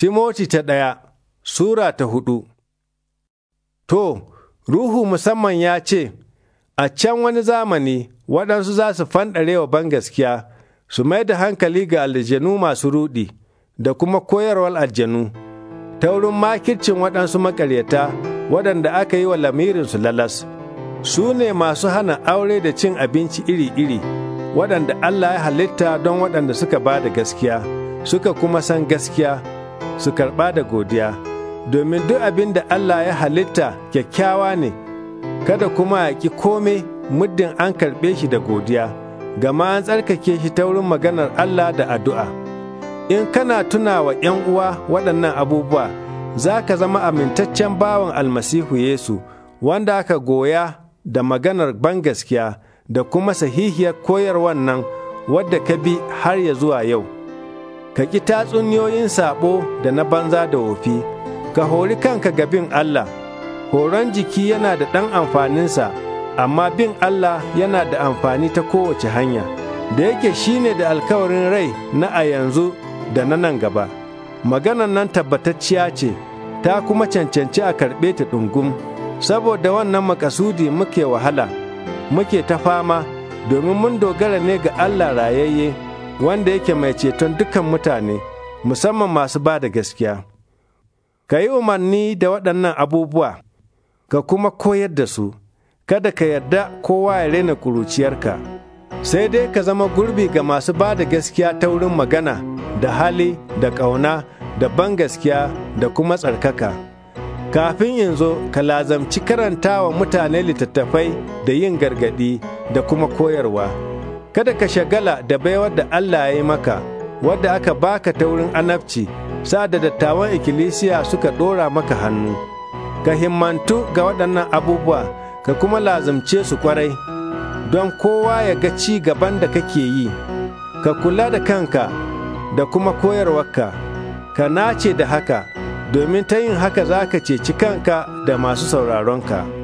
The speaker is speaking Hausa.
Timoti ta ɗaya Sura ta hudu To, Ruhu musamman ya ce, A can wani zamani waɗansu za su fanɗarewa bangaskiya, su mai da hankali ga aljanu masu ruɗi da kuma koyarwar aljanu, ta wurin makircin waɗansu maƙaryata waɗanda aka yi wa lamirinsu lalas. Su ne masu hana aure da cin abinci iri-iri, waɗanda Allah ya halitta don waɗanda suka ba da gaskiya, suka kuma san gaskiya. su karɓa da godiya, domin duk abin da Allah ya halitta kyakkyawa ne, kada kuma ya ƙi kome muddin an karɓe shi da godiya, gama an tsarkake shi ta wurin maganar Allah da addu'a. In kana tuna wa ‘yan uwa waɗannan abubuwa, za ka zama amintaccen bawan almasihu Yesu, wanda aka goya da maganar bangaskiya da kuma sahihiyar koyarwar nan wadda ka bi har ya zuwa yau. ka ƙi tatsuniyoyin saɓo da na banza da wofi, ka hori kanka ga bin Allah, horon jiki yana da ɗan amfaninsa, amma bin Allah yana da amfani ta kowace hanya, da yake shi ne da alkawarin rai na a yanzu da na nan gaba. Maganan nan tabbatacciya ce, ta kuma cancanci a karɓe ta ɗungum, saboda wannan makasudi muke wahala, muke ta fama, domin mun dogara ne ga Allah rayayye. wanda yake mai ceton dukan mutane, musamman masu ba da gaskiya. Ka yi umarni da waɗannan abubuwa, ka kuma koyar da su, kada ka yarda kowa ya rena kuruciyarka. Sai dai ka zama gurbi ga masu ba da gaskiya ta wurin magana, da hali, da ƙauna, da ban gaskiya, da kuma tsarkaka. kafin yanzu ka lazamci karanta wa mutane littattafai da yin gargaɗi da kuma koyarwa. kada ka shagala da baiwar da Allah ya yi maka, wadda aka baka ta wurin anabci, sa da dattawan ikkilisiya suka ɗora maka hannu. Ka himmantu ga waɗannan abubuwa, ka kuma lazumce su kwarai, don kowa ya ga ci gaban da kake yi, ka kula da kanka da kuma koyarwarka, ka nace da haka, domin ta yin haka za ka ceci kanka da masu sauraronka.